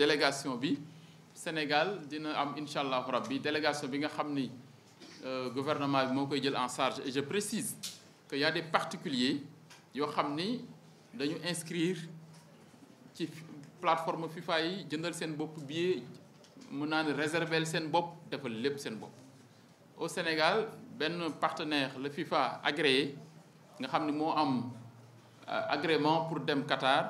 délégation bi Sénégal dina am incha allahu rabbi délégation bi nga xam ni euh, gouvernement bi moo koy jël en charge et je précise que y a des particuliers yoo xam ni dañu inscrire ci plateforme FIFA yi jëndal seen bopp billet mën naa ne réserver seen bopp defal lépp seen bopp. au Sénégal benn partenaire la FIFA agréé nga xam ni moo am euh, agrément pour dem Qatar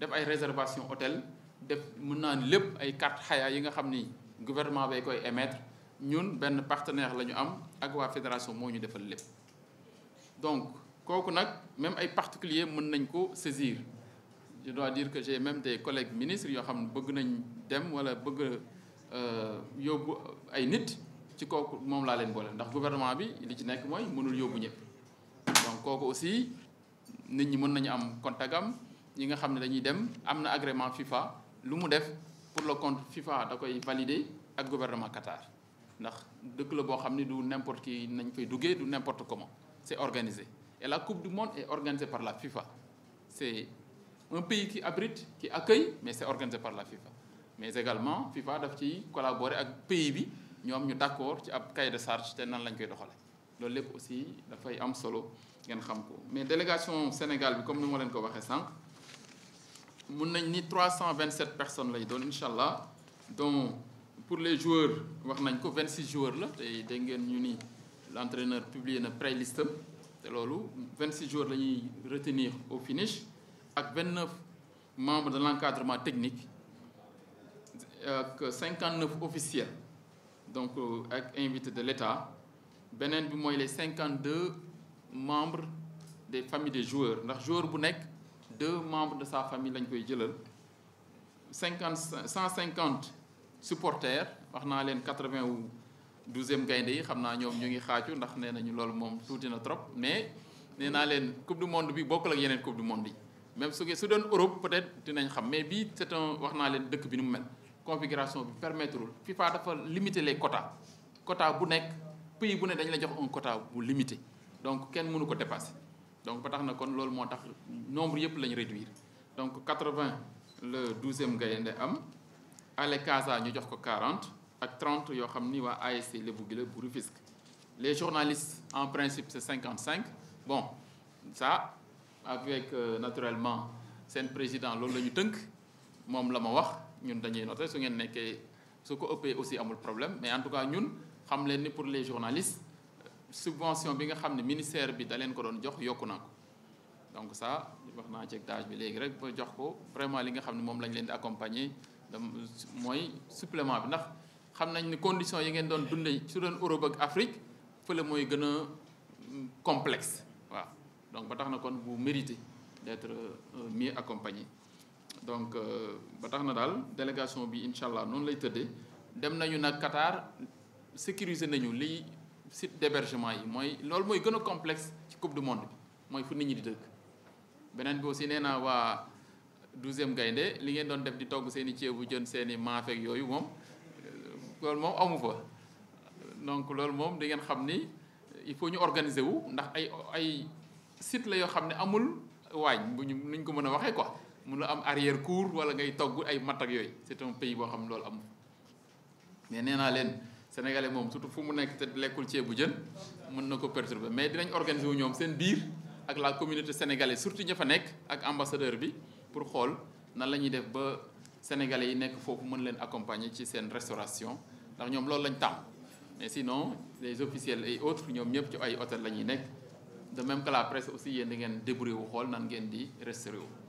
def ay réservation hôtel def mën naa lépp ay carte xaya yi nga xam ni gouvernement bay koy émettre ñun benn partenaire la ñu am ak waa fédération moo ñu defal lépp donc kooku nag même ay particulier mën nañ ko saisir je dois dire que j'ai même des collègues ministres yoo xam ne bëgg nañ dem wala bëgg euh, yóbbu ay nit ci kooku moom laa leen boole ndax gouvernement bi li ci nekk mooy mënul yóbbu ñëpp donc kooku aussi nit ñi mën nañu am contagam ñi nga xam ne dañuy dem am na agrément FIFA lu mu def pour le compte FIFA da koy valider ak gouvernement Qatar ndax dëkk la boo xam ni du n'importe qui nañ fay duggee du n'importe comment c'est organisé et la coupe du monde est organisée par la FIFA c'est un pays qui abrite qui accueille mais c'est par la FIFA mais également FIFA daf ci collaborer ak pays bi ñoom ñu d'accord ci ab cahier de charge te nan lañ koy doxale loolu lépp aussi dafay am solo ngeen xam ko mais délégation Sénégal bi comme ni ma leen ko waxee sànq mun nañ ni trois cent 327 personnes lay doon incha allah donc pour les joueurs wax nañ ko 26 joueurs la te dégg ngeen ñu ni l'entraîneur publie na pré-liste te loolu 26 joueurs la ñuy retenir au finish ak 29 membres de l'encadrement technique ak 59 officiels donc euh, ak invité de l'État beneen bi mooy les 52 membres des familles des joueurs ndax joueur bu nekk. deux membre de sa famille lañu koy jëlal cinquante cent cinquante supporters wax naa leen quatre vingt ou douzième gaynde yi xam naa ñoom ñu ngi xaaju ndax nee nañu loolu moom tuuti na trop mais nee naa leen coupe du monde bi bokk ak yeneen coupe du monde yi même su su doon Europe peut-être dinañ xam mais bii c'est un wax naa leen dëkk bi ni mu mel configuration bi permettrul FIFA dafa limiter les quotas quota bu nekk pays bu ne dañ la jox un quota bu donc kenn mënu ko dépasser. donc ba tax na kon loolu moo tax nombre yëpp lañ réduire donc quatre vingt le douzième gaynde am Ale Casa ñu jox ko quarante ak 30 yoo xam ni waa ASC Lebu Gila bu Rufisque les journalistes en principe c'est 55 bon ça avec euh, naturellement seen président loolu la ñu tënk moom la ma wax ñun dañuy noter su ngeen nekkee su ko ëppee aussi amul problème mais en tout cas ñun xam leen ni pour les journalistes subvention bi nga xam ne ministère bi da leen ko doon jox yokku na ko donc ça wax naa ci tâche bi léegi rek ba jox ko vraiment li nga xam ne moom lañu leen di accompagner mooy supplément bi ndax xam nañ ne conditions yi ngeen doon dundee su doon Europe ak Afrique fële mooy gën a mm, complexe waaw donc ba tax na kon bu mérité d'être euh, mieux accompagné donc euh, ba tax na daal délégation bi incha allah noonu lay tëddee dem nañu nag Qatar sécuriser nañu li site d' yi mooy loolu mooy gën a complexe ci coupe du monde bi mooy fu nit ñi di dëkk beneen bi aussi nee naa waa douzième gaynde li ngeen doon def di togg seen i ceebu jën seen i yooyu moom euh, loolu moom amu fa donc loolu moom di ngeen xam ni il faut ñu organiser wu ndax ay ay site la yoo xam ne amul waañ bu ñu nuñ ko mën a waxee ko mun la am arrière cour wala ngay togg ay matt yooyu c' est pays boo xam ne loolu amul mais nee naa leen sénégalais moom surtout fu mu nekk te lekkul ceebu jën mën na ko perturber mais dinañ organiser wu ñoom seen biir ak la communauté sénégalaise surtout ña fa nekk ak ambassadeur bi pour xool nan la ñuy def ba sénégalais yi nekk foofu mën leen accompagner ci seen restauration ndax ñoom loolu lañ tàmm mais sinon les officiels et autres ñoom ñëpp ci ay hôtel la ñuy nekk de même que la presse aussi yéen di ngeen débrouiller wu xool nan ngeen di restaurer wu